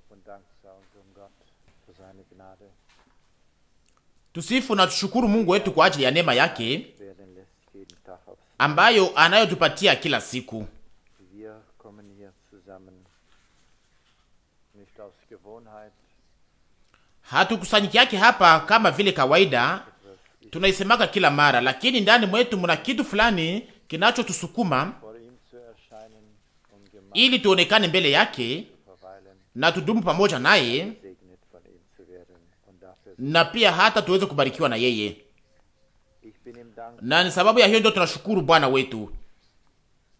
Lob und Dank Gott für seine Gnade. Tusifu na tushukuru Mungu wetu kwa ajili ya neema yake ambayo anayotupatia kila siku. Hatukusanyiki yake hapa kama vile kawaida tunaisemaka kila mara, lakini ndani mwetu muna kitu fulani kinachotusukuma um ili tuonekane mbele yake na tudumu pamoja naye na pia hata tuweze kubarikiwa na yeye, na ni sababu ya hiyo ndio tunashukuru Bwana wetu.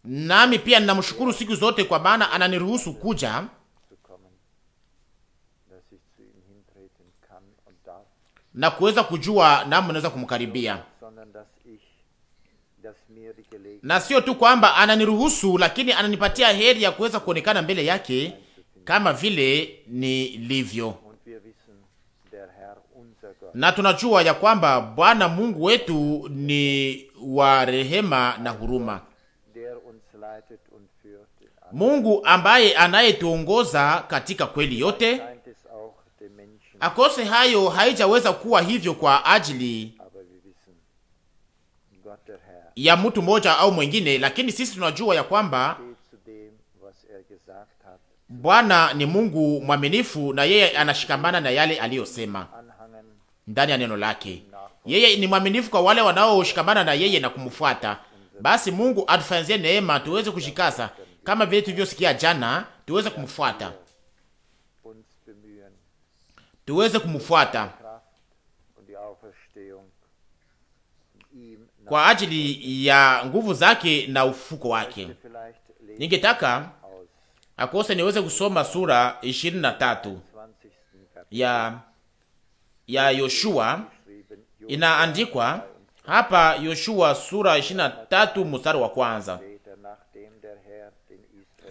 Nami pia ninamshukuru siku zote, kwa maana ananiruhusu kuja na kuweza kujua namna naweza kumkaribia, na sio tu kwamba ananiruhusu, lakini ananipatia heri ya kuweza kuonekana mbele yake kama vile nilivyo, na tunajua ya kwamba Bwana Mungu wetu ni wa rehema na huruma, Mungu ambaye anayetuongoza katika kweli er yote. Akose hayo haijaweza kuwa hivyo kwa ajili ya mtu mmoja au mwingine, lakini sisi tunajua ya kwamba Bwana ni Mungu mwaminifu na yeye anashikamana na yale aliyosema ndani ya neno lake. Yeye ni mwaminifu kwa wale wanaoshikamana na yeye na kumfuata. Basi Mungu atufanyie neema tuweze kushikaza kama vile tulivyosikia jana, tuweze kumfuata, tuweze kumfuata kwa ajili ya nguvu zake na ufuko wake. Ningetaka akose niweze kusoma sura ishirini na tatu ya ya Yoshua. Inaandikwa hapa Yoshua sura ishirini na tatu mstari wa kwanza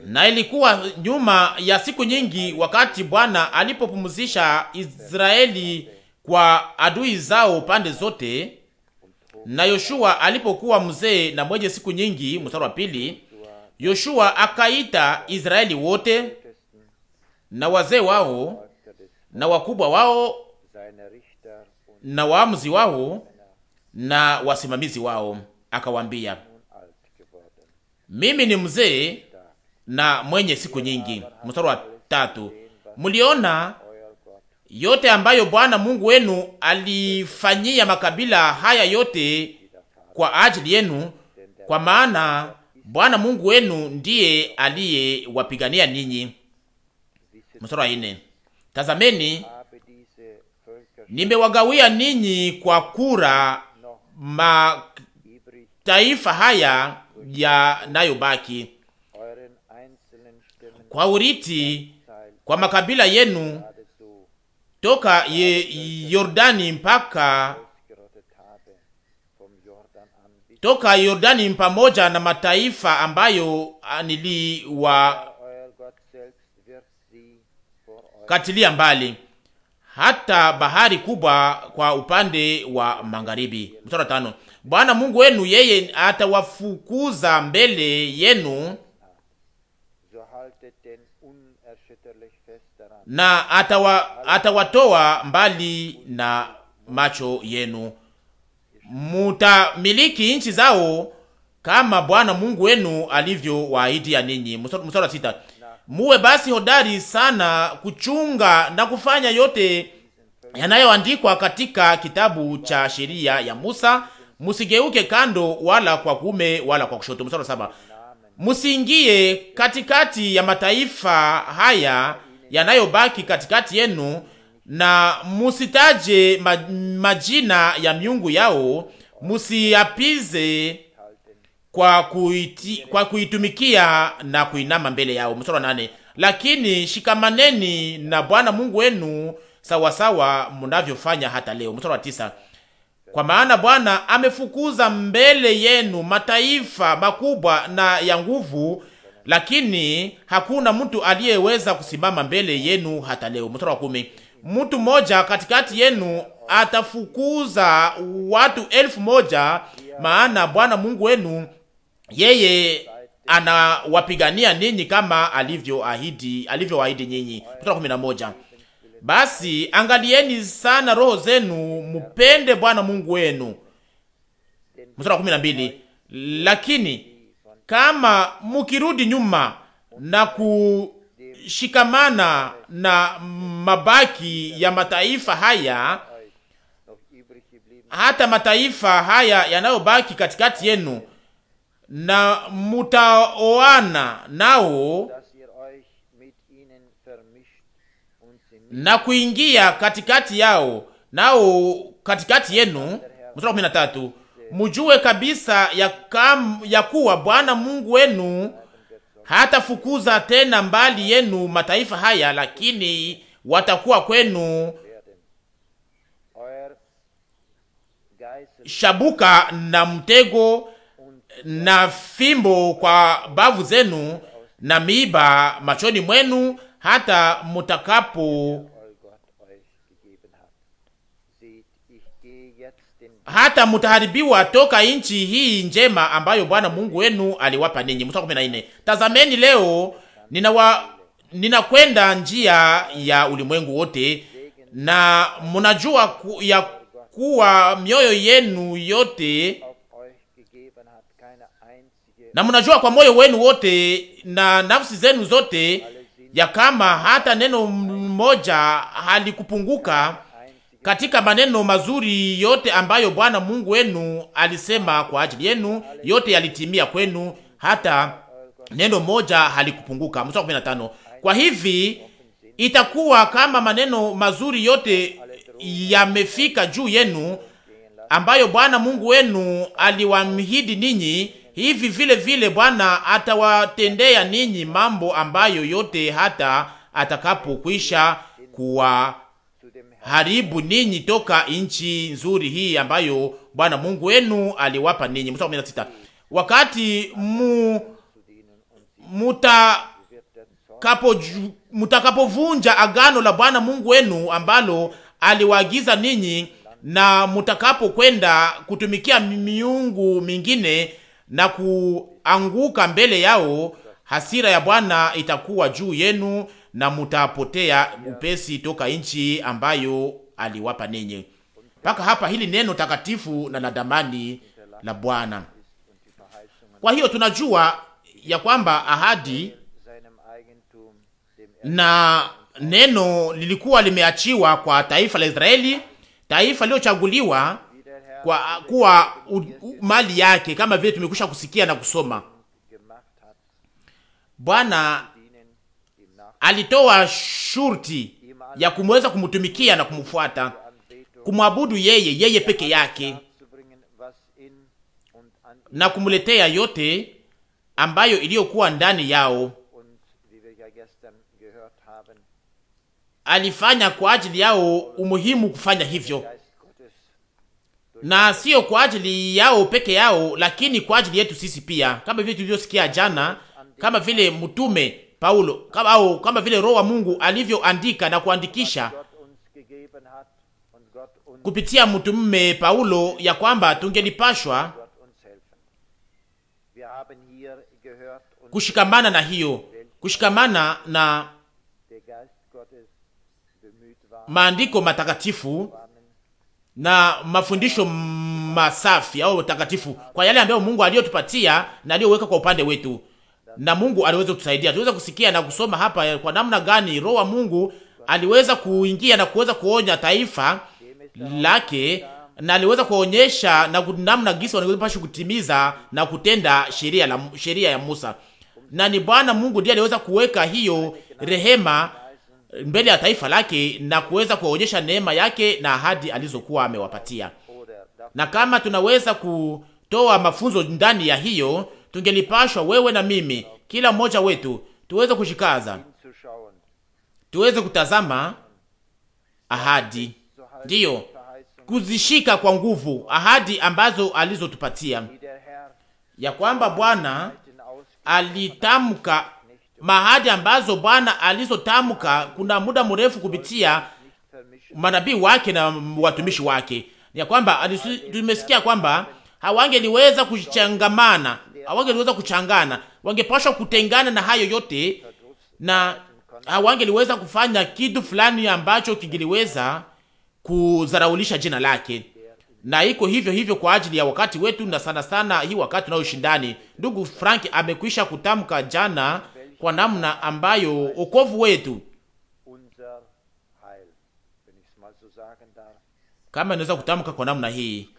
na ilikuwa nyuma ya siku nyingi, wakati Bwana alipopumzisha Israeli kwa adui zao pande zote, na Yoshua alipokuwa mzee na mwenye siku nyingi. Mstari wa pili, Yoshua akaita Israeli wote na wazee wao na wakubwa wao na waamuzi wao na wasimamizi wao, akawaambia, mimi ni mzee na mwenye siku nyingi. Mstari wa tatu, mliona yote ambayo Bwana Mungu wenu alifanyia makabila haya yote kwa ajili yenu, kwa maana Bwana Mungu wenu ndiye aliyewapigania ninyi. Mstari wa nne, tazameni nimewagawia ninyi kwa kura mataifa haya yanayobaki kwa uriti kwa makabila yenu toka ye Yordani mpaka toka Yordani pamoja na mataifa ambayo ah, katilia mbali hata bahari kubwa kwa upande wa magharibi. Mstari tano. Bwana Mungu wenu yeye atawafukuza mbele yenu na atawa, atawatoa mbali na macho yenu mutamiliki nchi zao kama Bwana Mungu wenu alivyo waahidi ya ninyi. Mstari wa sita, muwe basi hodari sana kuchunga na kufanya yote yanayoandikwa katika kitabu cha sheria ya Musa, musigeuke kando wala kwa kume wala kwa kushoto. Mstari wa saba, musiingie katikati ya mataifa haya yanayobaki katikati yenu na musitaje majina ya miungu yao, musiapize kwa, kuiti, kwa kuitumikia na kuinama mbele yao. Mstari wa nane, lakini shikamaneni na Bwana Mungu wenu sawasawa mnavyofanya hata leo. Mstari wa tisa, kwa maana Bwana amefukuza mbele yenu mataifa makubwa na ya nguvu, lakini hakuna mtu aliyeweza kusimama mbele yenu hata leo. Mstari wa kumi mtu mmoja katikati yenu atafukuza watu elfu moja, maana Bwana Mungu wenu yeye anawapigania ninyi kama alivyoahidi alivyoahidi nyinyi. kumi na moja. Basi angalieni sana roho zenu, mupende Bwana Mungu wenu. Mstari wa kumi na mbili. Lakini kama mukirudi nyuma na ku shikamana na mabaki ya mataifa haya, hata mataifa haya yanayobaki katikati yenu, na mutaoana nao na kuingia katikati yao nao katikati yenu. Mstari kumi na tatu, mujue kabisa ya, kam, ya kuwa Bwana Mungu wenu hatafukuza tena mbali yenu mataifa haya, lakini watakuwa kwenu shabuka na mtego na fimbo kwa bavu zenu na miiba machoni mwenu hata mutakapo hata mutaharibiwa toka nchi hii njema ambayo Bwana Mungu wenu aliwapa ninyi. Mstari 14. Tazameni leo ninawa ninakwenda njia ya ulimwengu wote, na mnajua ku, ya kuwa mioyo yenu yote na mnajua kwa moyo wenu wote na nafsi zenu zote ya kama hata neno mmoja halikupunguka katika maneno mazuri yote ambayo Bwana Mungu wenu alisema kwa ajili yenu, yote yalitimia kwenu, hata neno moja halikupunguka. Mstari 15. Kwa hivi itakuwa kama maneno mazuri yote yamefika juu yenu ambayo Bwana Mungu wenu aliwamhidi ninyi, hivi vile vile Bwana atawatendea ninyi mambo ambayo yote hata atakapokwisha kuwa haribu ninyi toka nchi nzuri hii ambayo Bwana Mungu wenu aliwapa ninyi. Mstari 16, wakati mu kapo mutakapovunja agano la Bwana Mungu wenu ambalo aliwaagiza ninyi, na mutakapokwenda kutumikia miungu mingine na kuanguka mbele yao, hasira ya Bwana itakuwa juu yenu na mutapotea upesi toka nchi ambayo aliwapa ninyi. Mpaka hapa hili neno takatifu na la damani la Bwana. Kwa hiyo tunajua ya kwamba ahadi na neno lilikuwa limeachiwa kwa taifa la Israeli, taifa lililochaguliwa kwa kuwa mali yake, kama vile tumekwisha kusikia na kusoma. Bwana alitoa shurti ya kumweza kumtumikia na kumfuata, kumwabudu yeye yeye peke yake na kumletea yote ambayo iliyokuwa ndani yao. Alifanya kwa ajili yao umuhimu kufanya hivyo, na sio kwa ajili yao peke yao, lakini kwa ajili yetu sisi pia, kama vile tulivyosikia jana, kama vile mtume Paulo kama, au kama vile Roho wa Mungu alivyoandika na kuandikisha kupitia mtume Paulo ya kwamba tungelipashwa kushikamana na hiyo kushikamana na maandiko matakatifu na mafundisho masafi au takatifu kwa yale ambayo Mungu aliyotupatia na aliyoweka kwa upande wetu na Mungu aliweza kutusaidia. Tuweza kusikia na kusoma hapa kwa namna gani roho wa Mungu aliweza kuingia na kuweza kuonya taifa lake na aliweza kuonyesha na namna gisi wanapaswa kutimiza na kutenda sheria la sheria ya Musa. Na ni Bwana Mungu ndiye aliweza kuweka hiyo rehema mbele ya taifa lake na kuweza kuonyesha neema yake na ahadi alizokuwa amewapatia. Na kama tunaweza kutoa mafunzo ndani ya hiyo tungelipashwa wewe na mimi, kila mmoja wetu tuweze kushikaza, tuweze kutazama ahadi, ndiyo kuzishika kwa nguvu ahadi ambazo alizotupatia ya kwamba Bwana alitamka mahadi ambazo Bwana alizotamka kuna muda mrefu kupitia manabii wake na watumishi wake, ya kwamba tumesikia kwamba hawangeliweza kuchangamana hawangeliweza kuchangana, wangepashwa kutengana na hayo yote, na hawangeliweza ah, kufanya kitu fulani ambacho kingeliweza kuzaraulisha jina lake. Na iko hivyo hivyo kwa ajili ya wakati wetu, na sana sana hii wakati ushindani. Ndugu Frank amekwisha kutamka jana kwa namna ambayo okovu wetu kama inaweza kutamka kwa namna hii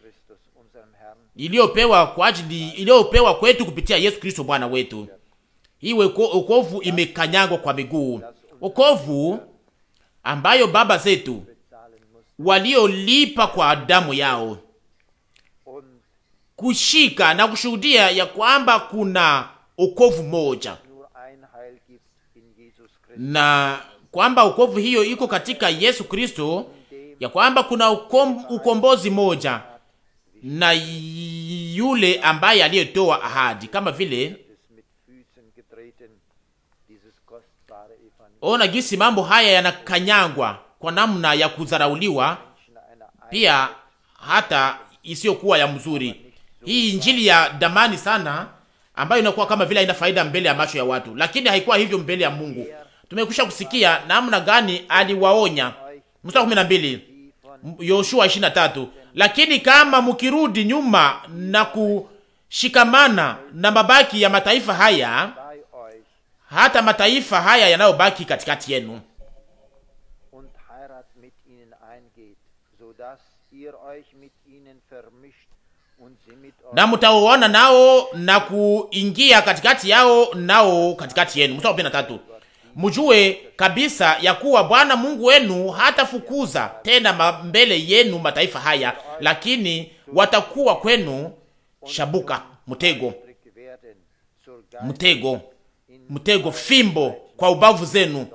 iliyopewa kwa ajili iliyopewa kwetu kupitia Yesu Kristo Bwana wetu. Iwe wokovu imekanyagwa kwa miguu, wokovu ambayo baba zetu waliolipa kwa damu yao, kushika na kushuhudia ya kwamba kuna wokovu moja na kwamba wokovu hiyo iko katika Yesu Kristo, ya kwamba kuna ukombozi moja na yule ambaye aliyetoa ahadi, kama vile ona gisi mambo haya yanakanyangwa kwa namna ya kudharauliwa, pia hata isiyokuwa ya mzuri. Hii injili ya damani sana ambayo inakuwa kama vile haina faida mbele ya macho ya watu, lakini haikuwa hivyo mbele ya Mungu. Tumekwisha kusikia namna gani aliwaonya. Mstari 12 Yoshua 23, lakini kama mkirudi nyuma na kushikamana na mabaki ya mataifa haya, hata mataifa haya yanayobaki katikati yenu na mtaoona nao na kuingia katikati yao nao katikati yenu. Mstari wa mjue kabisa ya kuwa Bwana Mungu wenu hatafukuza tena mbele yenu mataifa haya, lakini watakuwa kwenu shabuka, mtego, mtego, mtego, fimbo kwa ubavu zenu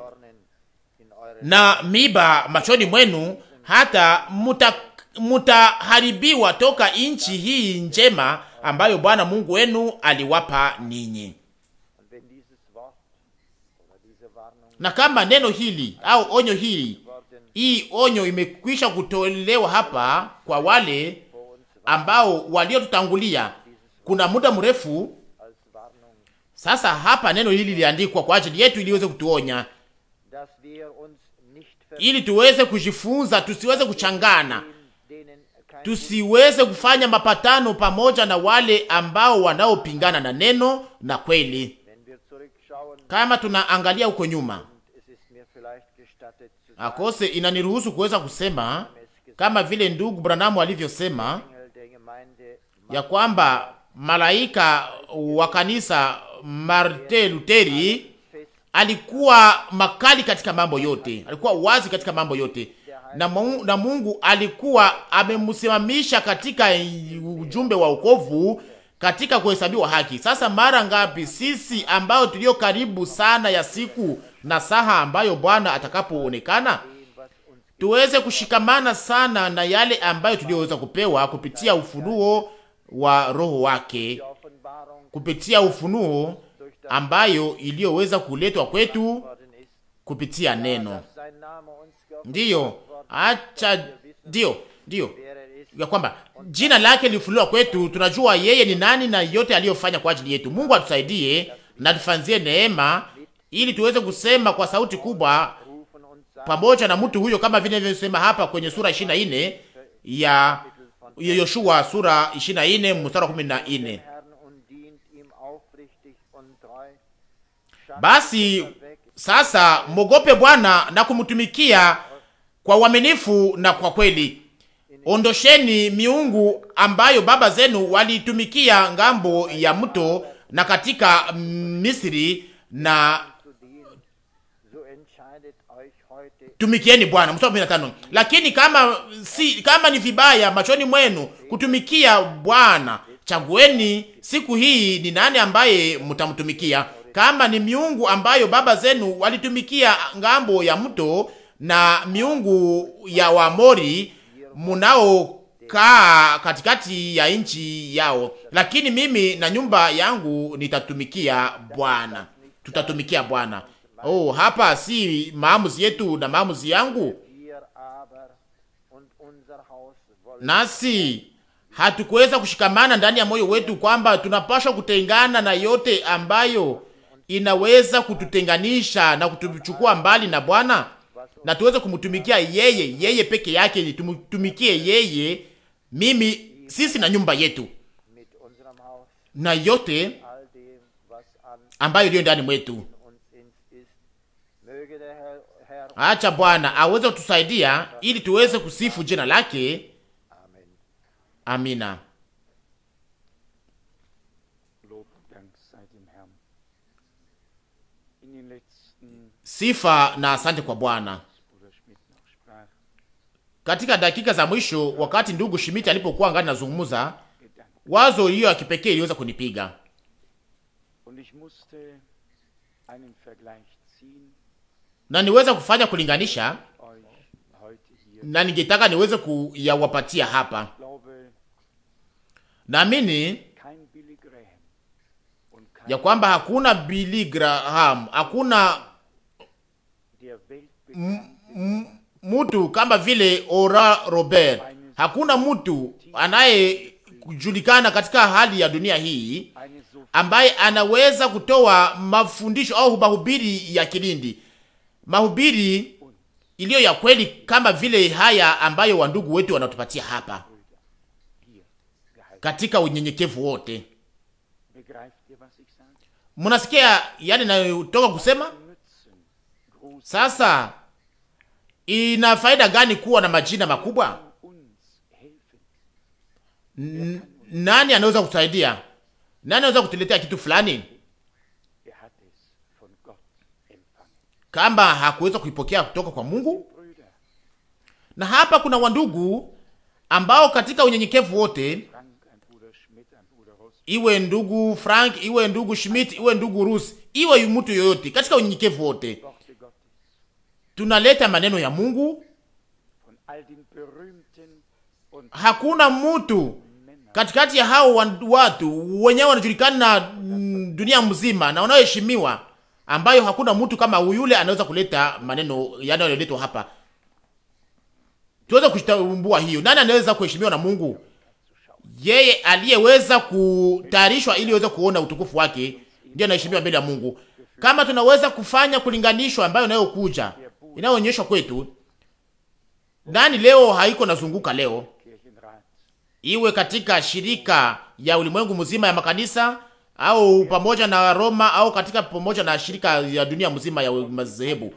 na miba machoni mwenu, hata muta mutaharibiwa toka nchi hii njema ambayo Bwana Mungu wenu aliwapa ninyi. Na kama neno hili au onyo hili, hii onyo imekwisha kutolewa hapa kwa wale ambao waliotutangulia kuna muda mrefu sasa. Hapa neno hili liandikwa kwa ajili yetu ili iweze kutuonya, ili tuweze kujifunza, tusiweze kuchangana, tusiweze kufanya mapatano pamoja na wale ambao wanaopingana na neno na kweli kama tunaangalia huko nyuma, akose inaniruhusu kuweza kusema kama vile ndugu Branamu alivyosema ya kwamba malaika wa kanisa Martin Luteri alikuwa makali katika mambo yote, alikuwa wazi katika mambo yote, na Mungu, na Mungu alikuwa amemsimamisha katika ujumbe wa wokovu katika kuhesabiwa haki. Sasa mara ngapi sisi ambao tulio karibu sana ya siku na saha ambayo Bwana atakapoonekana tuweze kushikamana sana na yale ambayo tuliyoweza kupewa kupitia ufunuo wa Roho wake, kupitia ufunuo ambayo iliyoweza kuletwa kwetu kupitia neno. Ndiyo, acha, ndiyo, ndiyo ya kwamba jina lake lifuliwa kwetu, tunajua yeye ni nani na yote aliyofanya kwa ajili yetu. Mungu atusaidie na tufanzie neema, ili tuweze kusema kwa sauti kubwa pamoja na mtu huyo, kama vile vinavyosema hapa kwenye sura 24 ya Yoshua, sura 24 mstari wa 14, basi sasa mwogope Bwana na kumtumikia kwa uaminifu na kwa kweli Ondosheni miungu ambayo baba zenu walitumikia ngambo ya mto na katika Misri na tumikieni Bwana. Mstari wa 15. Lakini kama si kama ni vibaya machoni mwenu kutumikia Bwana, chagueni siku hii ni nani ambaye mtamtumikia, kama ni miungu ambayo baba zenu walitumikia ngambo ya mto na miungu ya Waamori munaokaa katikati ya nchi yao, lakini mimi na nyumba yangu nitatumikia Bwana, tutatumikia Bwana. Oh, hapa si maamuzi yetu na maamuzi yangu, nasi hatukuweza kushikamana ndani ya moyo wetu kwamba tunapaswa kutengana na yote ambayo inaweza kututenganisha na kutuchukua mbali na Bwana na tuweze kumtumikia yeye, yeye peke yake, tumtumikie yeye, mimi, sisi na nyumba yetu na yote ambayo iliyo ndani mwetu. Acha Bwana aweze kutusaidia ili tuweze kusifu jina lake. Amina. Sifa na asante kwa Bwana katika dakika za mwisho, wakati ndugu Shimiti alipokuwa ngani nazungumza, wazo hiyo ya kipekee iliweza kunipiga na niweza kufanya kulinganisha, na ningetaka niweze kuyawapatia hapa. Naamini ya kwamba hakuna Billy Graham, hakuna mtu kama vile Ora Robert, hakuna mtu anayejulikana katika hali ya dunia hii ambaye anaweza kutoa mafundisho au mahubiri ya kilindi, mahubiri iliyo ya kweli kama vile haya ambayo wandugu wetu wanatupatia hapa katika unyenyekevu wote. munasikia yale nayotoka kusema sasa Ina faida gani kuwa na majina makubwa? N nani anaweza kusaidia? Nani anaweza kutuletea kitu fulani kamba hakuweza kuipokea kutoka kwa Mungu? Na hapa kuna wandugu ambao katika unyenyekevu wote, iwe ndugu Frank, iwe ndugu Schmidt, iwe ndugu Rus, iwe mtu yoyote, katika unyenyekevu wote tunaleta maneno ya Mungu. Hakuna mtu katikati ya hao watu wenyewe wanajulikana na dunia mzima na wanaoheshimiwa, ambayo hakuna mtu kama yule anaweza kuleta maneno yanayoletwa hapa. Tuweze kutambua hiyo, nani anaweza kuheshimiwa na Mungu? Yeye aliyeweza kutayarishwa ili aweze kuona utukufu wake, ndio anaheshimiwa mbele ya Mungu. Kama tunaweza kufanya kulinganishwa ambayo nayo kuja inayoonyeshwa kwetu ndani leo haiko nazunguka leo, iwe katika shirika ya ulimwengu mzima ya makanisa au pamoja na Roma au katika pamoja na shirika ya dunia mzima ya madhehebu.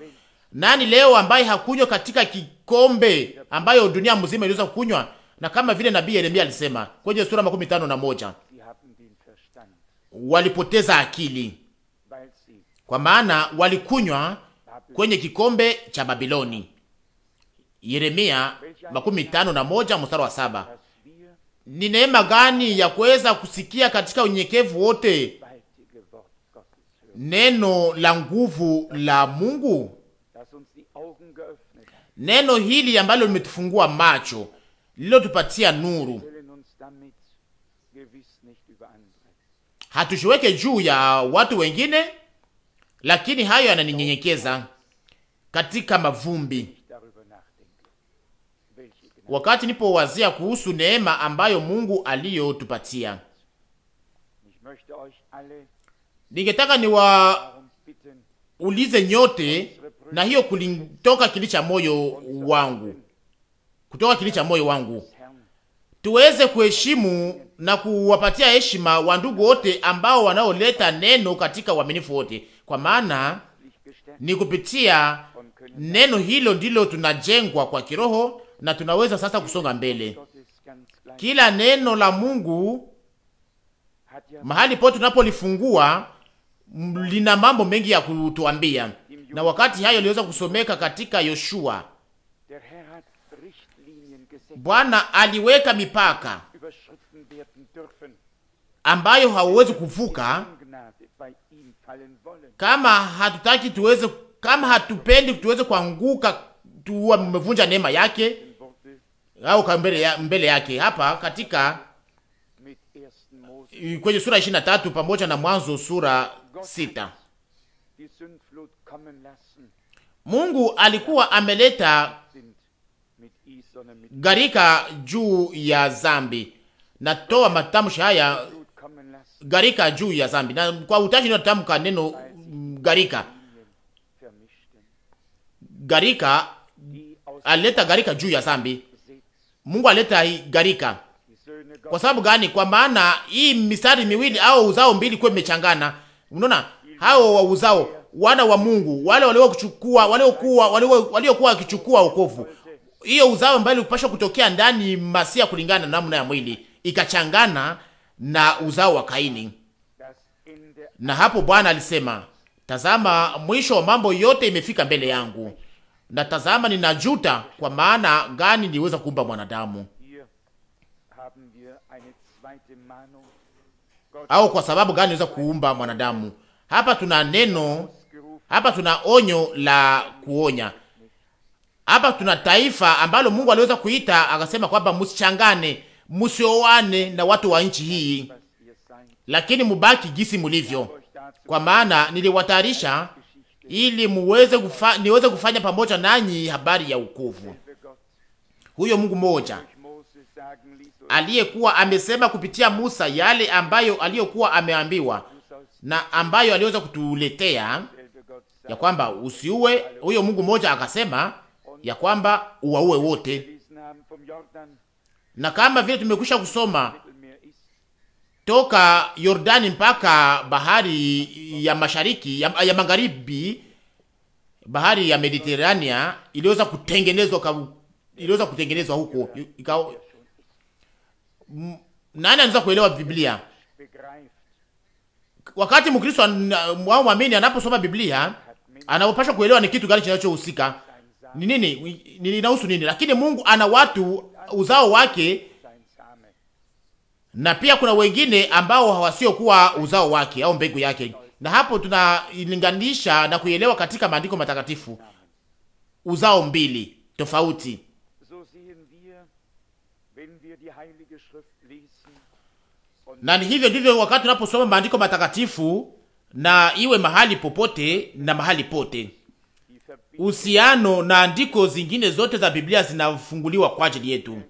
Nani leo ambaye hakunywa katika kikombe ambayo dunia mzima iliweza kunywa? Na kama vile nabii Yeremia alisema kwenye sura makumi tano na moja walipoteza akili, kwa maana walikunywa kwenye kikombe cha Babiloni. Yeremia makumi tano na moja mstari wa saba. Ni neema gani ya kuweza kusikia katika unyenyekevu wote neno la nguvu la Mungu, neno hili ambalo limetufungua macho, lilotupatia nuru. Hatujiweke juu ya watu wengine, lakini hayo yananinyenyekeza katika mavumbi. Wakati nipowazia kuhusu neema ambayo Mungu aliyotupatia, ningetaka niwaulize nyote, na hiyo kulitoka kili cha moyo wangu, kutoka kili cha moyo wangu, tuweze kuheshimu na kuwapatia heshima wa ndugu wote ambao wanaoleta neno katika uaminifu wote, kwa maana ni kupitia Neno hilo ndilo tunajengwa kwa kiroho na tunaweza sasa kusonga mbele. Kila neno la Mungu mahali pote tunapolifungua lina mambo mengi ya kutuambia, na wakati hayo liweza kusomeka katika Yoshua. Bwana aliweka mipaka ambayo hauwezi kuvuka, kama hatutaki tuweze kama hatupendi tuweze kuanguka, tuwa mmevunja neema yake au mbele, ya, mbele yake. Hapa katika kwenye sura 23 pamoja na Mwanzo sura sita Mungu alikuwa ameleta gharika juu ya zambi. Natoa matamshi haya, garika juu ya zambi, na kwa utashi natamka neno mm, garika garika, alileta garika juu ya zambi. Mungu alileta garika kwa sababu gani? Kwa maana hii mistari miwili au uzao mbili kwa imechangana. Unaona, hao wa uzao wana wa Mungu wale walio kuchukua wale kuwa wale walio kuwa wakichukua wokovu, hiyo uzao ambayo ilipaswa kutokea ndani masia kulingana na namna ya mwili ikachangana na uzao wa Kaini, na hapo Bwana alisema, tazama mwisho wa mambo yote imefika mbele yangu na tazama, ninajuta kwa maana gani niweza kuumba mwanadamu, au kwa sababu gani niweza kuumba mwanadamu. Hapa tuna neno, hapa tuna onyo la kuonya. Hapa tuna taifa ambalo Mungu aliweza kuita akasema kwamba msichangane, msioane na watu wa nchi hii, lakini mubaki gisi mulivyo, kwa maana niliwatayarisha ili muweze kufa, niweze kufanya pamoja nanyi habari ya ukovu. Huyo Mungu mmoja aliyekuwa amesema kupitia Musa yale ambayo aliyokuwa ameambiwa na ambayo aliweza kutuletea ya kwamba usiue, huyo Mungu mmoja akasema ya kwamba uwaue wote, na kama vile tumekwisha kusoma toka Yordani mpaka bahari ya mashariki ya, ya magharibi, bahari ya Mediterania iliweza kutengenezwa, iliweza kutengenezwa huko ika, nani anaweza kuelewa Biblia? Wakati Mkristo au mwamini anaposoma Biblia anapashwa kuelewa ni kitu gani kinachohusika, ni nini, ninahusu nini, lakini Mungu ana watu uzao wake na pia kuna wengine ambao hawasiokuwa uzao wake au mbegu yake, na hapo tunailinganisha na kuielewa katika maandiko matakatifu uzao mbili tofauti. Na ni hivyo ndivyo wakati tunaposoma maandiko matakatifu, na iwe mahali popote na mahali pote, uhusiano na andiko zingine zote za Biblia zinafunguliwa kwa ajili yetu.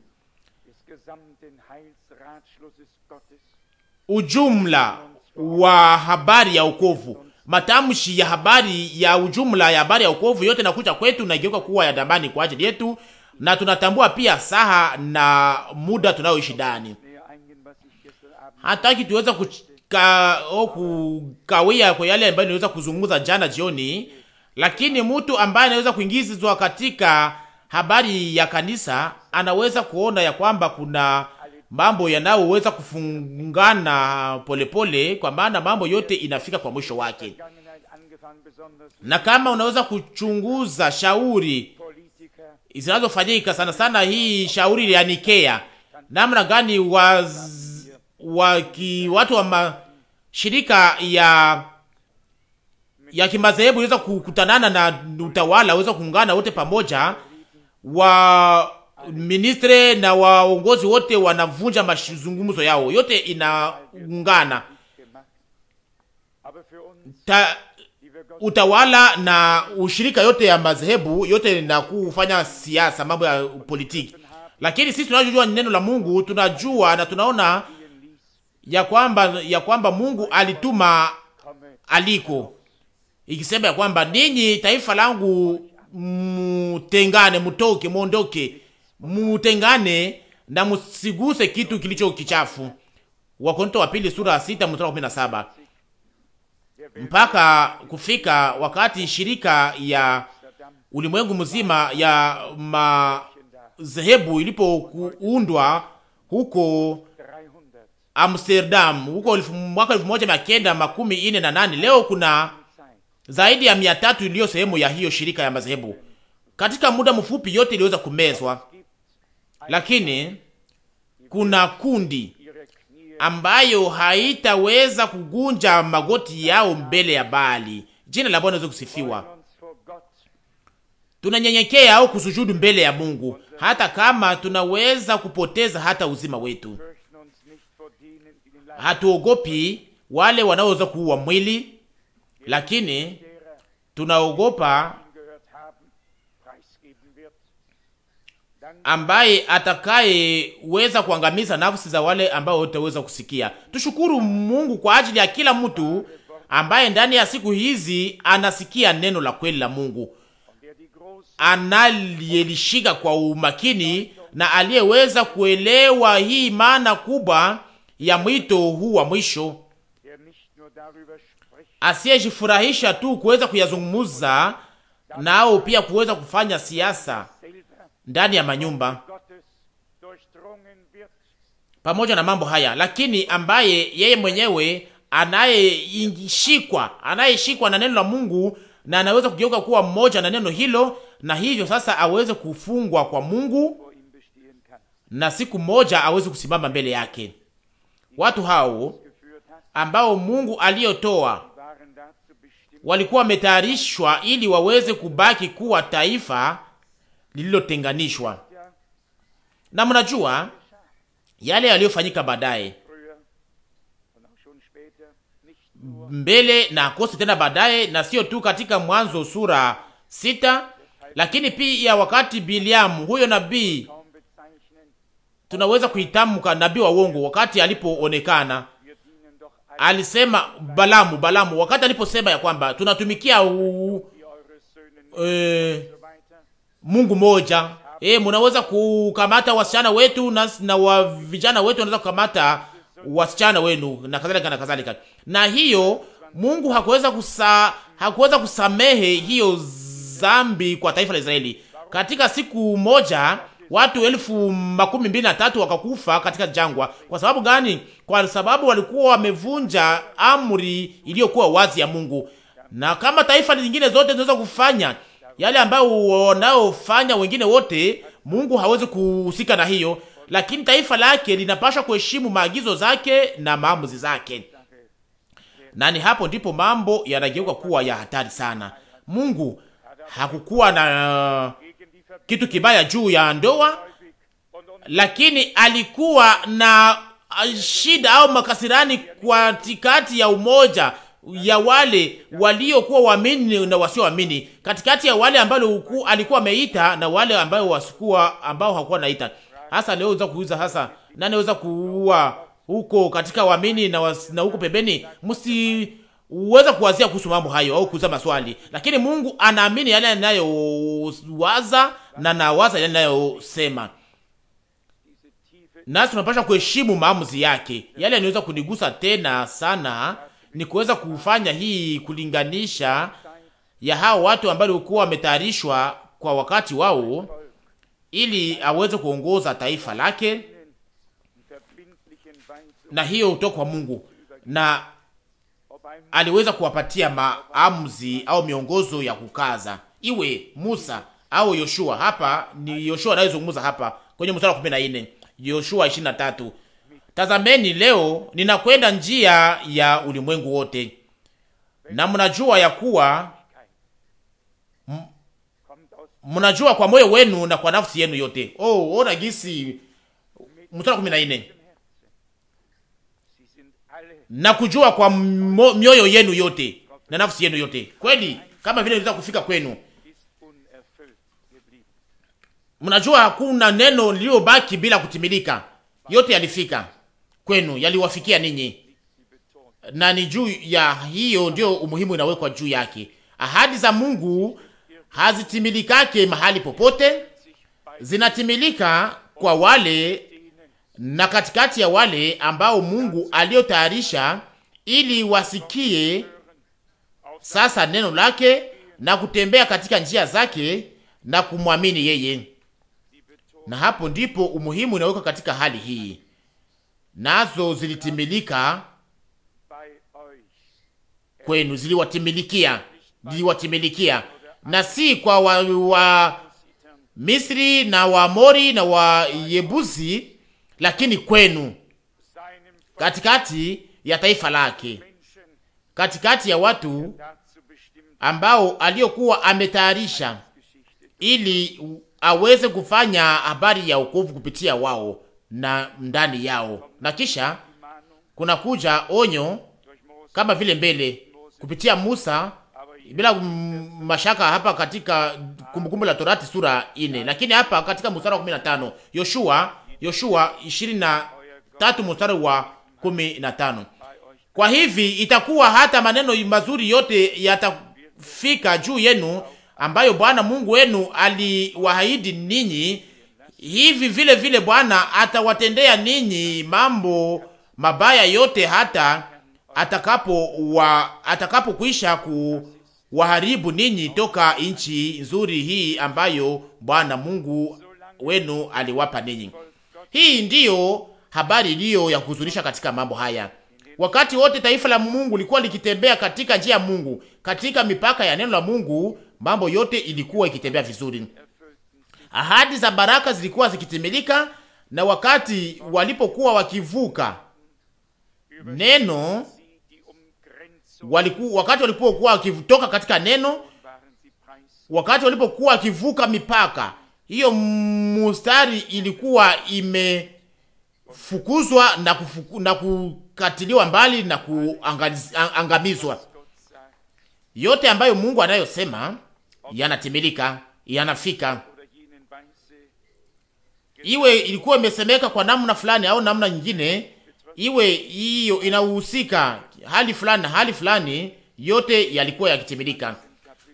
ujumla wa habari ya ukovu matamshi ya habari ya ujumla ya habari ya ukovu yote nakuja kwetu, naigeuka kuwa ya dambani kwa ajili yetu, na tunatambua pia saha na muda tunayoishi ndani. Hataki tuweza kuka, kukawia kwa yale ambayo niweza kuzungumza jana jioni, lakini mtu ambaye anaweza kuingizwa katika habari ya kanisa anaweza kuona ya kwamba kuna mambo yanayoweza kufungana polepole pole, kwa maana mambo yote inafika kwa mwisho wake. Na kama unaweza kuchunguza shauri zinazofanyika sana sana, hii shauri ya Nikea, namna gani wa, wa ki, watu wa mashirika ya ya kimadhehebu iweza kukutanana na utawala waweza kuungana wote pamoja wa ministre na waongozi wote wanavunja mazungumzo yao, yote inaungana Ta, utawala na ushirika yote ya madhehebu yote na kufanya siasa, mambo ya politiki. Lakini sisi tunajua neno la Mungu, tunajua na tunaona ya kwamba ya kwamba Mungu alituma aliko ikisema ya kwamba ninyi taifa langu, mtengane, mtoke, muondoke mutengane na musiguse kitu kilicho kichafu. Wakorinto wa pili sura sita mstari wa kumi na saba mpaka kufika wakati shirika ya ulimwengu mzima ya madhehebu kuundwa huko Amsterdam huko mwaka elfu moja mia kenda makumi ine na nane. Leo kuna zaidi ya mia tatu iliyo sehemu ya hiyo shirika ya madhehebu. Katika muda mfupi yote iliweza kumezwa lakini kuna kundi ambayo haitaweza kugunja magoti yao mbele ya Baali. Jina la Bwana liweze kusifiwa. Tunanyenyekea au kusujudu mbele ya Mungu hata kama tunaweza kupoteza hata uzima wetu. Hatuogopi wale wanaoweza kuua mwili, lakini tunaogopa ambaye atakayeweza kuangamiza nafsi za wale ambao wataweza kusikia. Tushukuru Mungu kwa ajili ya kila mtu ambaye ndani ya siku hizi anasikia neno la kweli la Mungu, analielishika kwa umakini na aliyeweza kuelewa hii maana kubwa ya mwito huu wa mwisho, asiyejifurahisha tu kuweza kuyazungumuza nao, pia kuweza kufanya siasa ndani ya manyumba pamoja na mambo haya, lakini ambaye yeye mwenyewe anayeshikwa anayeshikwa na neno la Mungu na anaweza kugeuka kuwa mmoja na neno hilo, na hivyo sasa aweze kufungwa kwa Mungu na siku moja aweze kusimama mbele yake. Watu hao ambao Mungu aliyotoa walikuwa wametayarishwa ili waweze kubaki kuwa taifa lililotenganishwa. Na mnajua yale yaliyofanyika baadaye mbele na kosi tena baadaye, na sio tu katika Mwanzo sura sita, lakini pia wakati Biliamu huyo nabii tunaweza kuitamka nabii wa uongo, wakati alipoonekana alisema Balamu, Balamu, wakati aliposema ya kwamba tunatumikia u, e, Mungu moja. E, munaweza kukamata wasichana wetu na, na wa vijana wetu wanaweza kukamata wasichana wenu na kadhalika na kadhalika. Na hiyo Mungu hakuweza kusa, hakuweza kusamehe hiyo zambi kwa taifa la Israeli. Katika siku moja watu elfu makumi mbili na tatu wakakufa katika jangwa. Kwa sababu gani? Kwa sababu walikuwa wamevunja amri iliyokuwa wazi ya Mungu. Na kama taifa lingine zote zinaweza kufanya yale ambayo wanaofanya wengine wote, Mungu hawezi kuhusika na hiyo, lakini taifa lake linapaswa kuheshimu maagizo zake na maamuzi zake, na ni hapo ndipo mambo yanageuka kuwa ya hatari sana. Mungu hakukuwa na kitu kibaya juu ya ndoa, lakini alikuwa na shida au makasirani katikati ya umoja ya wale waliokuwa waamini na wasioamini, katikati ya wale ambao alikuwa ameita na wale ambao wasikuwa ambao hakuwa naita. Hasa leo unaweza kuuza hasa nani unaweza kuua huko katika waamini na, was, na huko pembeni, msi uweza kuwazia kuhusu mambo hayo au kuuza maswali, lakini Mungu anaamini yale anayowaza na nawaza yale anayosema nasi tunapasha kuheshimu maamuzi yake. Yale yanaweza kunigusa tena sana ni kuweza kufanya hii kulinganisha ya hao watu ambao walikuwa wametayarishwa kwa wakati wao, ili aweze kuongoza taifa lake, na hiyo kutoka kwa Mungu, na aliweza kuwapatia maamuzi au miongozo ya kukaza, iwe Musa au Yoshua. Hapa ni Yoshua anayezungumza hapa kwenye mstari wa 14, Yoshua 23. Tazameni, leo ninakwenda njia ya ulimwengu wote, na mnajua ya kuwa mnajua kwa moyo wenu na kwa nafsi yenu yote. Oh, ona gisi mstari kumi na nne na kujua kwa mioyo yenu yote na nafsi yenu yote kweli, kama vile iliweza kufika kwenu. Mnajua hakuna neno lililobaki bila kutimilika, yote yalifika kwenu yaliwafikia ninyi, na ni juu ya hiyo ndio umuhimu inawekwa juu yake. Ahadi za Mungu hazitimilikake mahali popote, zinatimilika kwa wale na katikati ya wale ambao Mungu aliyotayarisha ili wasikie sasa neno lake na kutembea katika njia zake na kumwamini yeye. Na hapo ndipo umuhimu inawekwa katika hali hii nazo zilitimilika kwenu, ziliwatimilikia, ziliwatimilikia, na si kwa wa, wa Misri na wa mori na Wayebusi, lakini kwenu, katikati ya taifa lake, katikati ya watu ambao aliyokuwa ametayarisha ili aweze kufanya habari ya ukovu kupitia wao na ndani yao, na kisha kuna kuja onyo kama vile mbele kupitia Musa bila mashaka hapa katika Kumbukumbu la Torati sura ine, lakini hapa katika mstari wa 15 Yoshua, Yoshua 23 mstari wa 15, kwa hivi itakuwa hata maneno mazuri yote yatafika juu yenu ambayo Bwana Mungu wenu aliwaahidi ninyi hivi vile vile Bwana atawatendea ninyi mambo mabaya yote hata atakapo wa, atakapokwisha kuwaharibu ninyi toka nchi nzuri hii ambayo Bwana Mungu wenu aliwapa ninyi. Hii ndiyo habari iliyo ya kuhuzunisha katika mambo haya. Wakati wote taifa la Mungu likuwa likitembea katika njia ya Mungu, katika mipaka ya neno la Mungu, mambo yote ilikuwa ikitembea vizuri ahadi za baraka zilikuwa zikitimilika, na wakati walipokuwa wakivuka neno waliku, wakati walipokuwa wakitoka katika neno, wakati walipokuwa wakivuka mipaka hiyo, mustari ilikuwa imefukuzwa na, kufuku, na kukatiliwa mbali na kuangamizwa. Yote ambayo Mungu anayosema yanatimilika, yanafika iwe ilikuwa imesemeka kwa namna fulani au namna nyingine, iwe hiyo inahusika hali fulani na hali fulani, yote yalikuwa yakitimilika.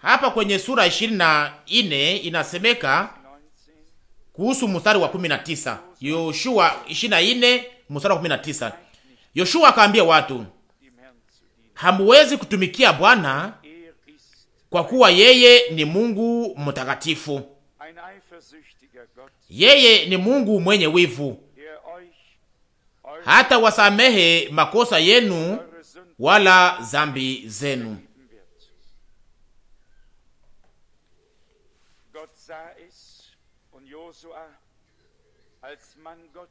Hapa kwenye sura 24 inasemeka kuhusu mstari wa 19, Yoshua 24 mstari wa 19. Yoshua akaambia watu, hamuwezi kutumikia Bwana kwa kuwa yeye ni Mungu mtakatifu yeye ni Mungu mwenye wivu, hata wasamehe makosa yenu wala zambi zenu.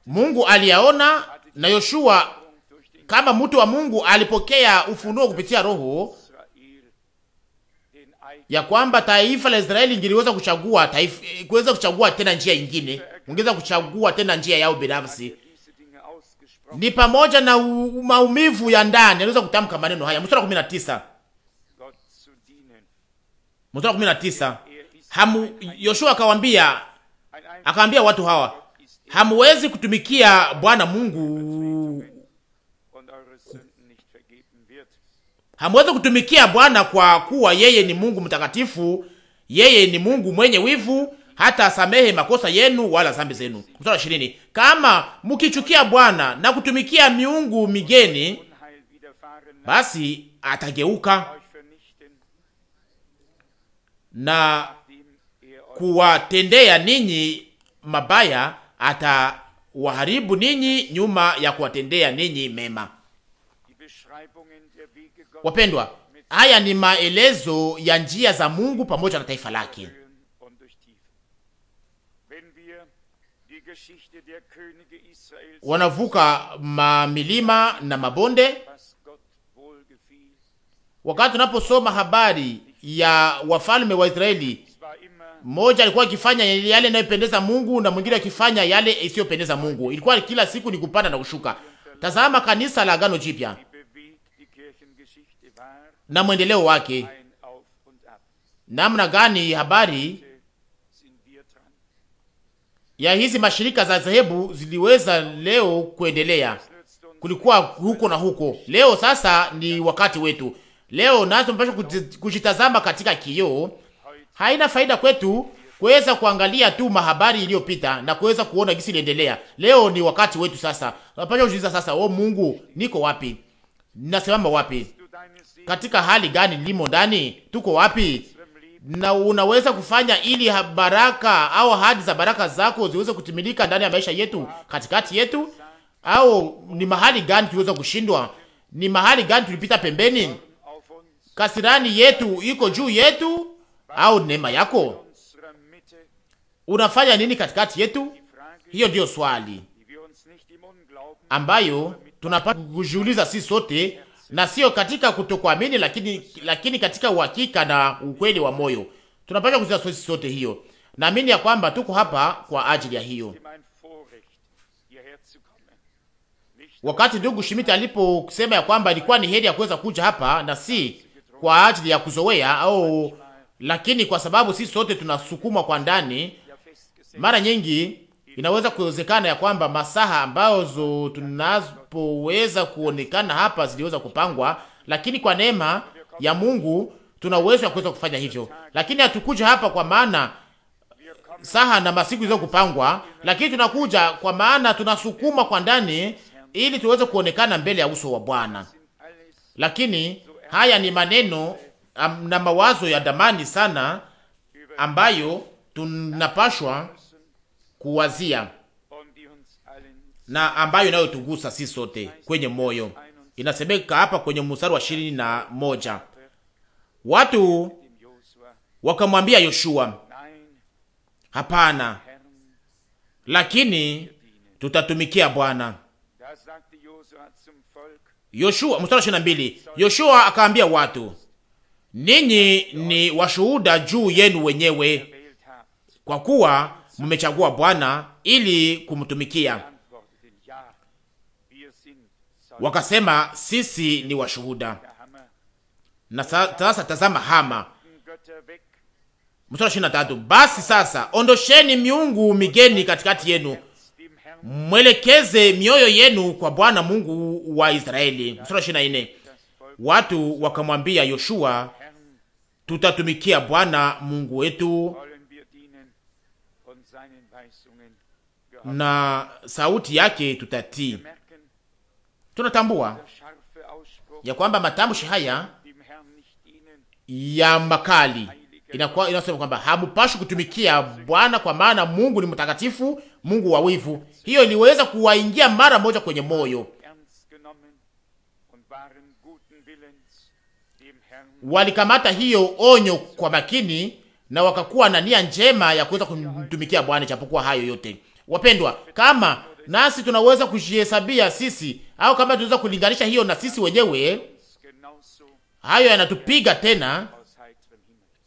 Mungu aliyaona na Yoshua kama mtu wa Mungu alipokea ufunuo kupitia Roho ya kwamba taifa la Israeli ingeliweza kuchagua taifa eh, kuweza kuchagua tena njia nyingine, ungeweza kuchagua tena njia yao binafsi. Ni pamoja na maumivu ya ndani aliweza kutamka maneno haya. Mstari wa 19, mstari wa 19, hamu Yoshua akawaambia, akawaambia watu hawa, hamuwezi kutumikia Bwana Mungu Hamwezi kutumikia Bwana kwa kuwa yeye ni Mungu mtakatifu, yeye ni Mungu mwenye wivu, hata asamehe makosa yenu wala zambi zenu. Mstari 20. Kama mkichukia Bwana na kutumikia miungu migeni, basi atageuka na kuwatendea ninyi mabaya, atawaharibu ninyi nyuma ya kuwatendea ninyi mema. Wapendwa, haya ni maelezo ya njia za Mungu pamoja na taifa lake. Wanavuka mamilima na mabonde. Wakati tunaposoma habari ya wafalme wa Israeli, mmoja alikuwa akifanya yale yanayopendeza Mungu na mwingine akifanya yale isiyopendeza Mungu. Ilikuwa kila siku ni kupanda na kushuka. Tazama kanisa la Agano Jipya na mwendeleo wake. Namna gani habari ya hizi mashirika za dhehebu ziliweza leo kuendelea? Kulikuwa huko na huko. Leo sasa ni wakati wetu. Leo nasi tunapaswa kujitazama katika kioo. Haina faida kwetu kuweza kuangalia tu mahabari iliyopita na kuweza kuona jinsi iliendelea. Leo ni wakati wetu sasa. Tunapaswa kujiuliza sasa, o oh, Mungu, niko wapi? Ninasimama wapi? katika hali gani limo ndani, tuko wapi, na unaweza kufanya ili baraka au ahadi za baraka zako ziweze kutimilika ndani ya maisha yetu, katikati yetu, au ni mahali gani tuliweza kushindwa? Ni mahali gani tulipita pembeni? Kasirani yetu iko juu yetu au neema yako? Unafanya nini katikati yetu? Hiyo ndiyo swali ambayo tunapata kujiuliza sisi sote na sio katika kutokuamini, lakini lakini katika uhakika na ukweli wa moyo. Tunapaswa kuzia sisi sote hiyo. Naamini ya kwamba tuko hapa kwa ajili ya hiyo. Wakati ndugu Shimiti aliposema ya kwamba ilikuwa ni heri ya kuweza kuja hapa na si kwa ajili ya kuzowea au, lakini kwa sababu sisi sote tunasukumwa kwa ndani. Mara nyingi inaweza kuwezekana ya kwamba masaha ambazo tunazo zinapoweza kuonekana hapa ziliweza kupangwa, lakini kwa neema ya Mungu tuna uwezo wa kuweza kufanya hivyo, lakini hatukuja hapa kwa maana saha na masiku hizo kupangwa, lakini tunakuja kwa maana tunasukuma kwa ndani ili tuweze kuonekana mbele ya uso wa Bwana. Lakini haya ni maneno na mawazo ya damani sana ambayo tunapashwa kuwazia na ambayo inayotugusa si sote kwenye moyo. Inasemeka hapa kwenye mstari wa ishirini na moja watu wakamwambia Yoshua, hapana, lakini tutatumikia Bwana. Yoshua mstari wa ishirini na mbili Yoshua akaambia watu, ninyi ni washuhuda juu yenu wenyewe, kwa kuwa mmechagua Bwana ili kumtumikia wakasema sisi ni washuhuda. Na sasa tazama Hama mstari ishirini na tatu, basi sasa ondosheni miungu migeni katikati yenu, mwelekeze mioyo yenu kwa Bwana Mungu wa Israeli. Mstari ishirini na nne, watu wakamwambia Yoshua, tutatumikia Bwana Mungu wetu na sauti yake tutatii. Tunatambua ya kwamba matamshi haya ya makali inakuwa inasema kwamba hamupashi kutumikia Bwana kwa maana Mungu ni mtakatifu, Mungu wa wivu. Hiyo iliweza kuwaingia mara moja kwenye moyo, walikamata hiyo onyo kwa makini na wakakuwa na nia njema ya kuweza kumtumikia Bwana. Japokuwa hayo yote, wapendwa, kama nasi tunaweza kujihesabia sisi au kama tunaweza kulinganisha hiyo na sisi wenyewe, hayo yanatupiga tena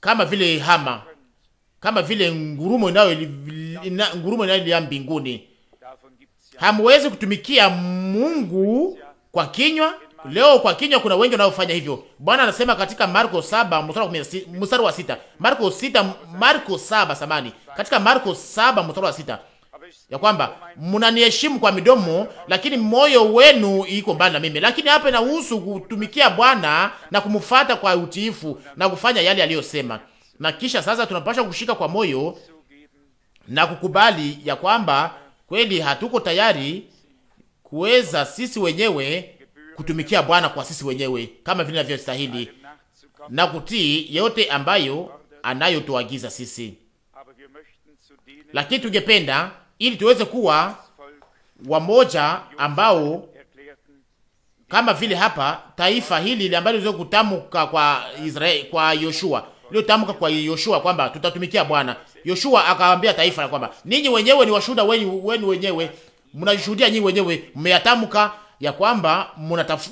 kama vile hama, kama vile ngurumo inayo ina, ngurumo inayolia mbinguni. Hamwezi kutumikia Mungu kwa kinywa. Leo kwa kinywa kuna wengi wanaofanya hivyo. Bwana anasema katika Marko 7 mstari wa 6, Marko 6, Marko 7 samani, katika Marko 7 mstari wa sita ya kwamba mnaniheshimu kwa midomo, lakini moyo wenu iko mbali na mimi. Lakini hapa inahusu kutumikia Bwana na kumfuata kwa utiifu na kufanya yale aliyosema, na kisha sasa tunapasha kushika kwa moyo na kukubali ya kwamba kweli hatuko tayari kuweza sisi wenyewe kutumikia Bwana kwa sisi wenyewe kama vile inavyostahili na kutii yote ambayo anayotuagiza sisi, lakini tungependa ili tuweze kuwa wamoja ambao kama vile hapa taifa hili ambalo liweze kutamka kwa Israeli, kwa Yoshua liotamka kwa Yoshua kwamba tutatumikia Bwana. Yoshua akawaambia taifa ya kwamba ninyi wenyewe ni washuhuda wenu wenyewe, mnajishuhudia nyinyi wenyewe, mmeyatamka ya kwamba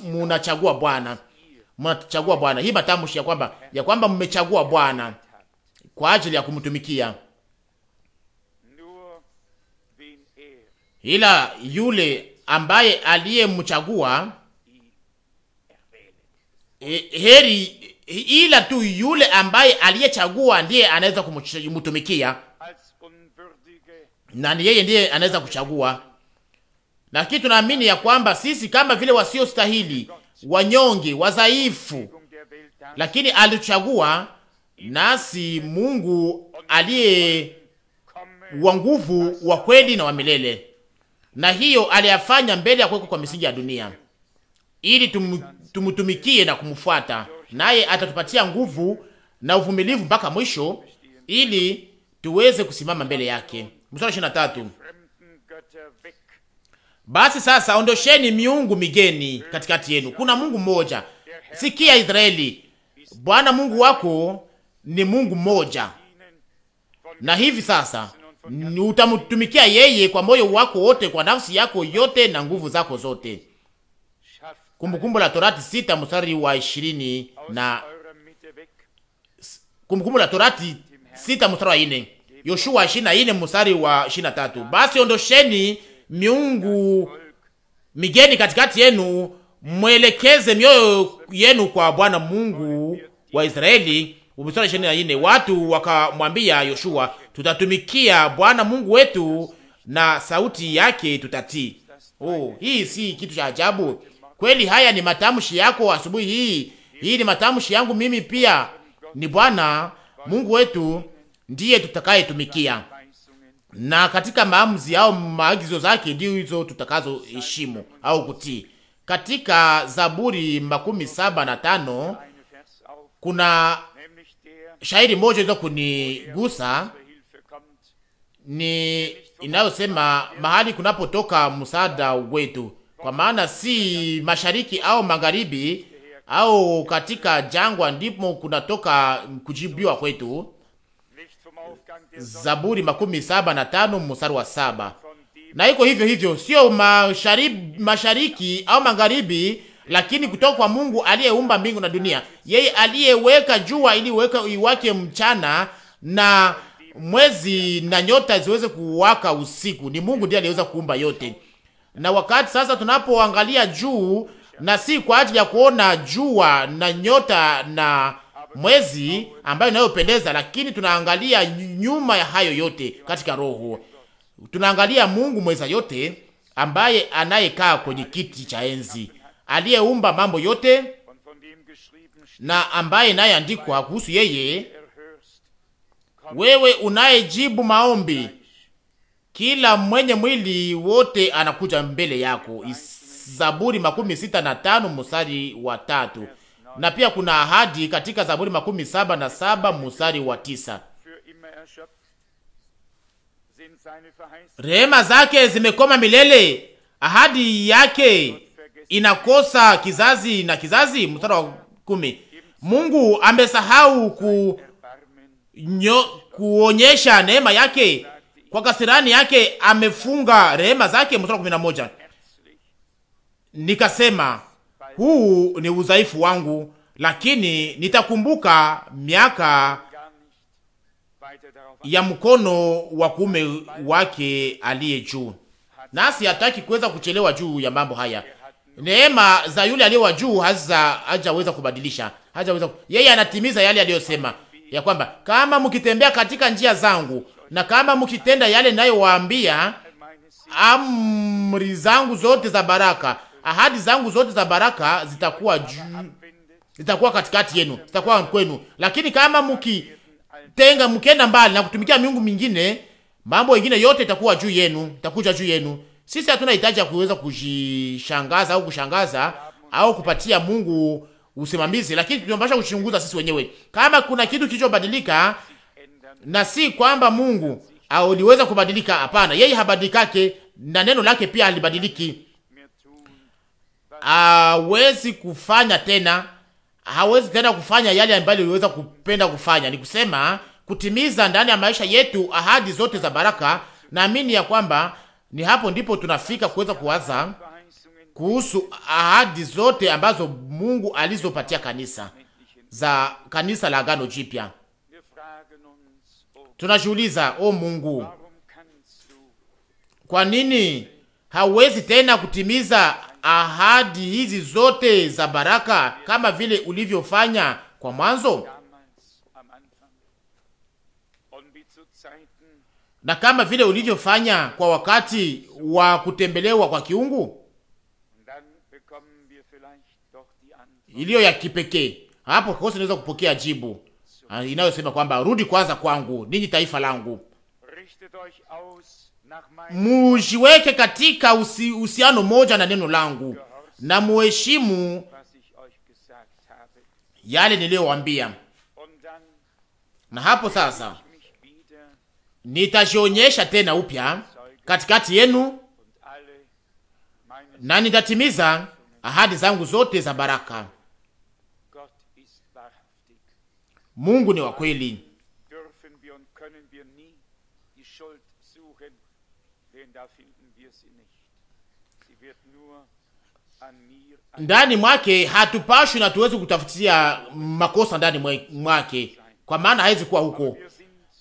mnachagua Bwana, mnachagua Bwana. Hii matamshi ya kwamba ya kwamba mmechagua Bwana kwa ajili ya kumtumikia ila yule ambaye aliyemchagua heri ila tu yule ambaye aliyechagua ndiye anaweza kumtumikia, na ni yeye ndiye anaweza kuchagua. Lakini tunaamini ya kwamba sisi kama vile wasiostahili, wanyonge, wadhaifu, lakini alichagua nasi Mungu aliye wa nguvu wa kweli na wa milele na hiyo aliyafanya mbele ya kuwekwa kwa misingi ya dunia, ili tum, na kumfuata, naye atatupatia nguvu na uvumilivu mpaka mwisho, ili tuweze kusimama mbele yake. Mstari tatu: basi sasa ondosheni miungu migeni katikati yenu. Kuna Mungu mmoja. Sikia Israeli, Bwana Mungu wako ni Mungu mmoja. Na hivi sasa utamtumikia yeye kwa moyo wako wote, kwa nafsi yako yote na nguvu zako zote. Kumbukumbu la Torati sita mstari wa ishirini na Kumbukumbu la Torati sita mstari wa ine Yoshua ishirini na ine mstari wa ishirini na tatu basi ondosheni miungu migeni katikati yenu, mwelekeze mioyo yenu kwa Bwana Mungu wa Israeli Mstari ishirini na nne watu wakamwambia Yoshua, tutatumikia Bwana Mungu wetu na sauti yake tutatii. Oh, hii si kitu cha ajabu kweli? Haya ni matamshi yako asubuhi hii, hii ni matamshi yangu mimi pia. Ni Bwana Mungu wetu ndiye tutakayetumikia, na katika maamuzi au maagizo zake ndio hizo tutakazoheshimu au kutii. Katika Zaburi makumi saba na tano kuna shairi moja iliweza kunigusa ni inayosema mahali kunapotoka msaada wetu, kwa maana si mashariki au magharibi au katika jangwa ndipo kunatoka kujibiwa kwetu. Zaburi makumi saba na tano mstari wa saba. Na iko hivyo hivyo, sio mashariki, mashariki au magharibi lakini kutoka kwa Mungu aliyeumba mbingu na dunia, yeye aliyeweka jua ili weka iwake mchana na mwezi na nyota ziweze kuwaka usiku. Ni Mungu ndiye aliweza kuumba yote. Na wakati sasa tunapoangalia juu na si kwa ajili ya kuona jua na nyota na mwezi ambayo inayopendeza, lakini tunaangalia nyuma ya hayo yote katika roho, tunaangalia Mungu mweza yote ambaye anayekaa kwenye kiti cha enzi aliyeumba mambo yote na ambaye naye andikwa kuhusu yeye, wewe unayejibu maombi, kila mwenye mwili wote anakuja mbele yako. Zaburi makumi sita na tano musari wa tatu. Na pia kuna ahadi katika Zaburi makumi saba na saba musari wa tisa. Rehema zake zimekoma milele, ahadi yake inakosa kizazi na kizazi. Mstari wa kumi, Mungu amesahau ku nyo, kuonyesha neema yake kwa kasirani yake amefunga rehema zake. Mstari wa kumi na moja, nikasema huu ni udhaifu wangu, lakini nitakumbuka miaka ya mkono wa kuume wake aliye juu. Nasi hataki kuweza kuchelewa juu ya mambo haya. Neema za yule aliye wa juu hajaweza kubadilisha, hajaweza yeye anatimiza yale aliyosema ya kwamba kama mkitembea katika njia zangu na kama mkitenda yale ninayowaambia, amri zangu zote za baraka, ahadi zangu zote za baraka zitakuwa juu, zitakuwa katikati yenu, zitakuwa kwenu. Lakini kama mkitenga, mkienda mbali na kutumikia miungu mingine, mambo mengine yote itakuwa juu yenu, itakuja juu yenu. Sisi hatuna hitaji ya kuweza kujishangaza au kushangaza au kupatia Mungu usimamizi, lakini tunapaswa kuchunguza sisi wenyewe kama kuna kitu kilichobadilika, na si kwamba Mungu aliweza kubadilika. Hapana, yeye habadilikake na neno lake pia halibadiliki. Hawezi kufanya tena, hawezi tena kufanya yale ambayo aliweza kupenda kufanya, ni kusema kutimiza ndani ya maisha yetu ahadi zote za baraka. Naamini ya kwamba ni hapo ndipo tunafika kuweza kuwaza kuhusu ahadi zote ambazo Mungu alizopatia kanisa za kanisa la Agano Jipya. Tunajiuliza, o Mungu, kwa nini hauwezi tena kutimiza ahadi hizi zote za baraka kama vile ulivyofanya kwa mwanzo? na kama vile ulivyofanya kwa wakati wa kutembelewa kwa kiungu iliyo ya kipekee. Hapo kosa inaweza kupokea jibu ah, inayosema kwamba rudi kwanza kwangu, ninyi taifa langu, mujiweke katika uhusiano moja na neno langu na muheshimu yale niliyowambia. Na hapo sasa nitajionyesha tena upya katikati yenu na nitatimiza ahadi zangu zote za baraka. Mungu ni wa kweli. Ndani mwake hatupashwi na tuwezi kutafutia makosa ndani mwake, kwa maana hawezi kuwa huko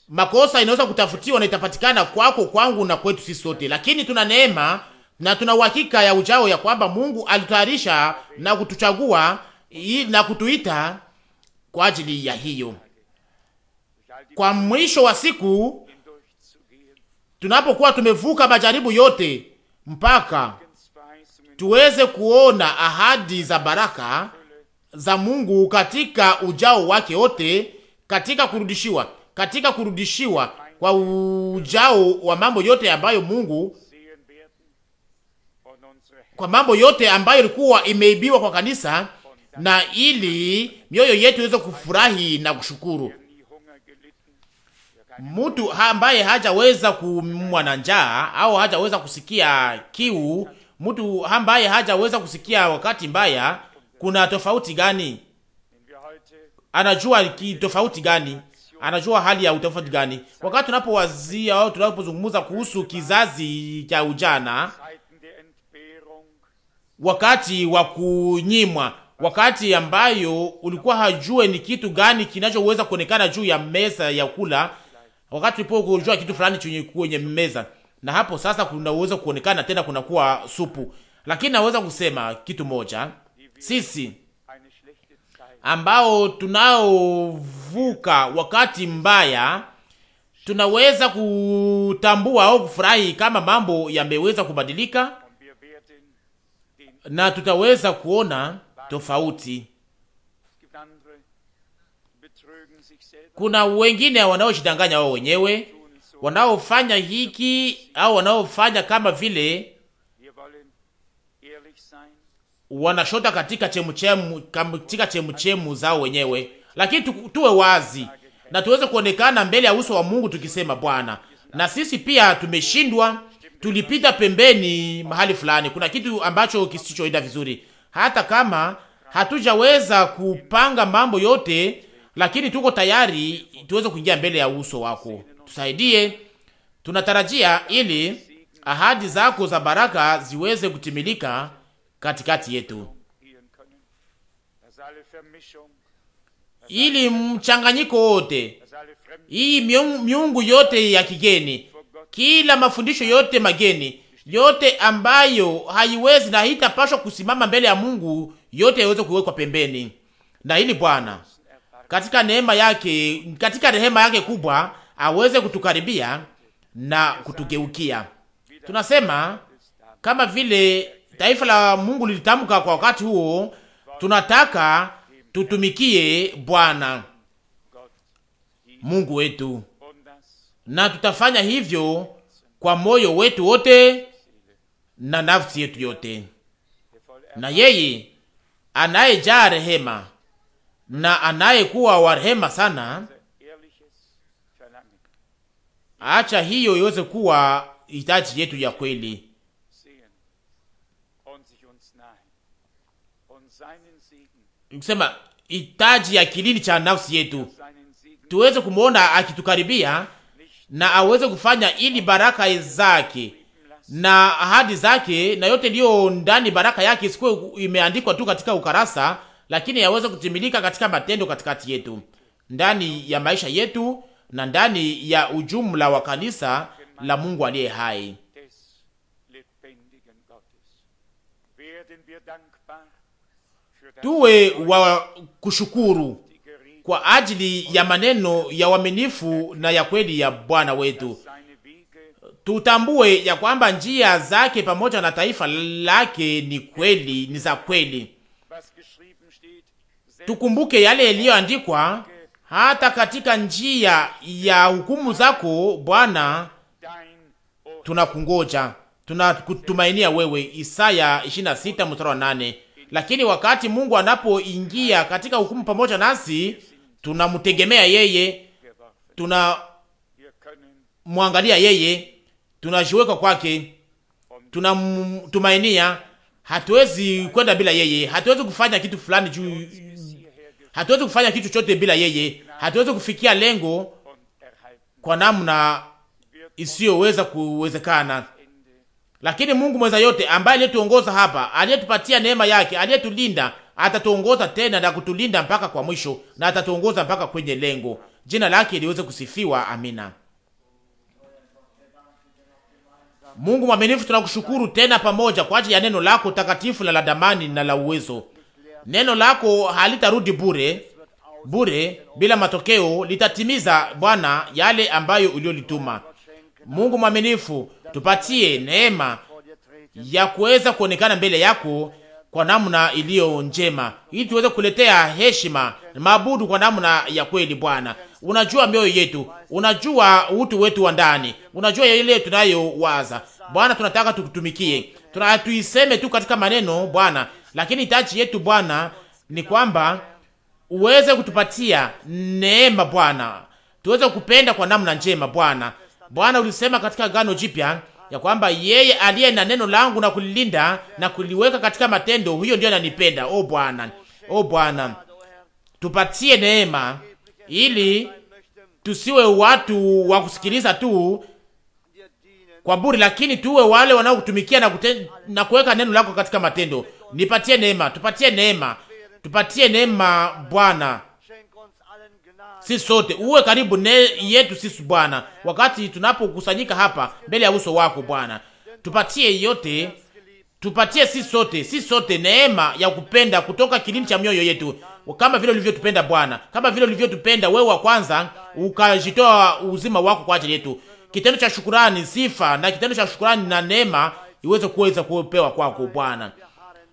Makosa inaweza kutafutiwa na itapatikana kwako, kwangu na kwetu sisi sote, lakini tuna neema na tuna uhakika ya ujao ya kwamba Mungu alitayarisha na kutuchagua na kutuita kwa ajili ya hiyo. Kwa mwisho wa siku, tunapokuwa tumevuka majaribu yote mpaka tuweze kuona ahadi za baraka za Mungu katika ujao wake wote, katika kurudishiwa katika kurudishiwa kwa ujao wa mambo yote ambayo Mungu kwa mambo yote ambayo ilikuwa imeibiwa kwa kanisa, na ili mioyo yetu iweze kufurahi na kushukuru. Mtu ambaye hajaweza kumwa na njaa au hajaweza kusikia kiu, mtu ambaye hajaweza kusikia wakati mbaya, kuna tofauti gani? Anajua tofauti gani? anajua hali ya utofauti gani. Wakati tunapowazia au tunapozungumza kuhusu kizazi cha ujana, wakati wa kunyimwa, wakati ambayo ulikuwa hajue ni kitu gani kinachoweza kuonekana juu ya meza ya kula, wakati ulipojua kitu fulani chenye kwenye meza, na hapo sasa kunaweza kuonekana tena kunakuwa supu. Lakini naweza kusema kitu moja, sisi ambao tunao kuvuka wakati mbaya, tunaweza kutambua au kufurahi kama mambo yameweza kubadilika na tutaweza kuona tofauti. Kuna wengine wanaojidanganya wao wenyewe, wanaofanya hiki au wanaofanya kama vile wanashota katika chemuchemu katika chemuchemu zao wenyewe lakini tuwe wazi na tuweze kuonekana mbele ya uso wa Mungu tukisema, Bwana, na sisi pia tumeshindwa, tulipita pembeni mahali fulani, kuna kitu ambacho kisichoenda vizuri, hata kama hatujaweza kupanga mambo yote, lakini tuko tayari tuweze kuingia mbele ya uso wako, tusaidie. Tunatarajia ili ahadi zako za baraka ziweze kutimilika katikati yetu ili mchanganyiko wote, hii miungu yote ya kigeni, kila mafundisho yote mageni yote ambayo haiwezi na haitapashwa kusimama mbele ya Mungu, yote yaweze kuwekwa pembeni. Na ili Bwana katika neema yake, katika rehema yake kubwa, aweze kutukaribia na kutugeukia. Tunasema kama vile taifa la Mungu lilitamka kwa wakati huo, tunataka tutumikie Bwana Mungu wetu, na tutafanya hivyo kwa moyo wetu wote na nafsi yetu yote. Na yeye anayejaa rehema na anayekuwa wa rehema sana, acha hiyo iweze kuwa hitaji yetu ya kweli, kusema hitaji ya kilini cha nafsi yetu, tuweze kumwona akitukaribia na aweze kufanya ili baraka zake na ahadi zake na yote ndiyo ndani baraka yake isikuwe imeandikwa tu katika ukarasa, lakini yaweze kutimilika katika matendo katikati yetu, ndani ya maisha yetu na ndani ya ujumla wa kanisa la Mungu aliye hai tuwe wa kushukuru kwa ajili ya maneno ya uaminifu na ya kweli ya Bwana wetu. Tutambue ya kwamba njia zake pamoja na taifa lake ni kweli, ni za kweli. Tukumbuke yale yaliyoandikwa, hata katika njia ya hukumu zako Bwana tunakungoja, tunakutumainia wewe. Isaya 26 mstari wa 8 lakini wakati Mungu anapoingia katika hukumu pamoja nasi, tunamtegemea yeye, tunamwangalia yeye, tunajiweka kwake, tunamtumainia. Hatuwezi kwenda bila yeye, hatuwezi kufanya kitu fulani juu, hatuwezi kufanya kitu chote bila yeye, hatuwezi kufikia lengo kwa namna isiyoweza kuwezekana. Lakini Mungu mweza yote ambaye aliyetuongoza hapa, aliyetupatia neema yake, aliyetulinda, atatuongoza tena na kutulinda mpaka kwa mwisho na atatuongoza mpaka kwenye lengo. Jina lake liweze kusifiwa. Amina. Mungu mwaminifu, tunakushukuru tena pamoja kwa ajili ya neno lako takatifu na la damani na la uwezo. Neno lako halitarudi bure bure bila matokeo, litatimiza Bwana yale ambayo uliolituma. Mungu mwaminifu, tupatie neema ya kuweza kuonekana mbele yako kwa namna iliyo njema, ili tuweze kuletea heshima na maabudu kwa namna ya kweli. Bwana, unajua mioyo yetu, unajua utu wetu wa ndani, unajua ile tunayowaza. Bwana, tunataka tukutumikie, tunatuiseme tu katika maneno Bwana, lakini hitaji yetu Bwana ni kwamba uweze kutupatia neema Bwana, tuweze kupenda kwa namna njema Bwana, Bwana ulisema katika gano Jipya ya kwamba yeye aliye na neno langu na kulilinda na kuliweka katika matendo, huyo ndiyo ananipenda. O Bwana, o Bwana, tupatie neema ili tusiwe watu wa kusikiliza tu kwa buri, lakini tuwe wale wanaokutumikia na, na kuweka neno lako katika matendo. Nipatie neema, tupatie neema, tupatie neema Bwana sisi sote, uwe karibu ne yetu sisi Bwana, wakati tunapokusanyika hapa mbele ya uso wako Bwana, tupatie yote, tupatie sisi sote, sisi sote neema ya kupenda kutoka kilindi cha mioyo yetu, kama vile ulivyotupenda Bwana, kama vile ulivyotupenda wewe wa kwanza, ukajitoa uzima wako kwa ajili yetu. Kitendo cha shukurani, sifa na kitendo cha shukurani na neema iweze kuweza kupewa kwako Bwana,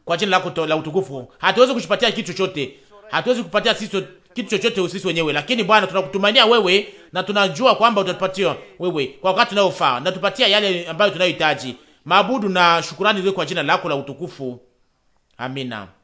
kwa jina lako la utukufu. Hatuwezi kujipatia kitu chochote, hatuwezi kupatia sisi kitu chochote usisi wenyewe, lakini Bwana tunakutumania wewe na tunajua kwamba utatupatia wewe kwa wakati unaofaa, na tupatia yale ambayo tunayohitaji. Maabudu na shukurani ziwe kwa jina lako la utukufu. Amina.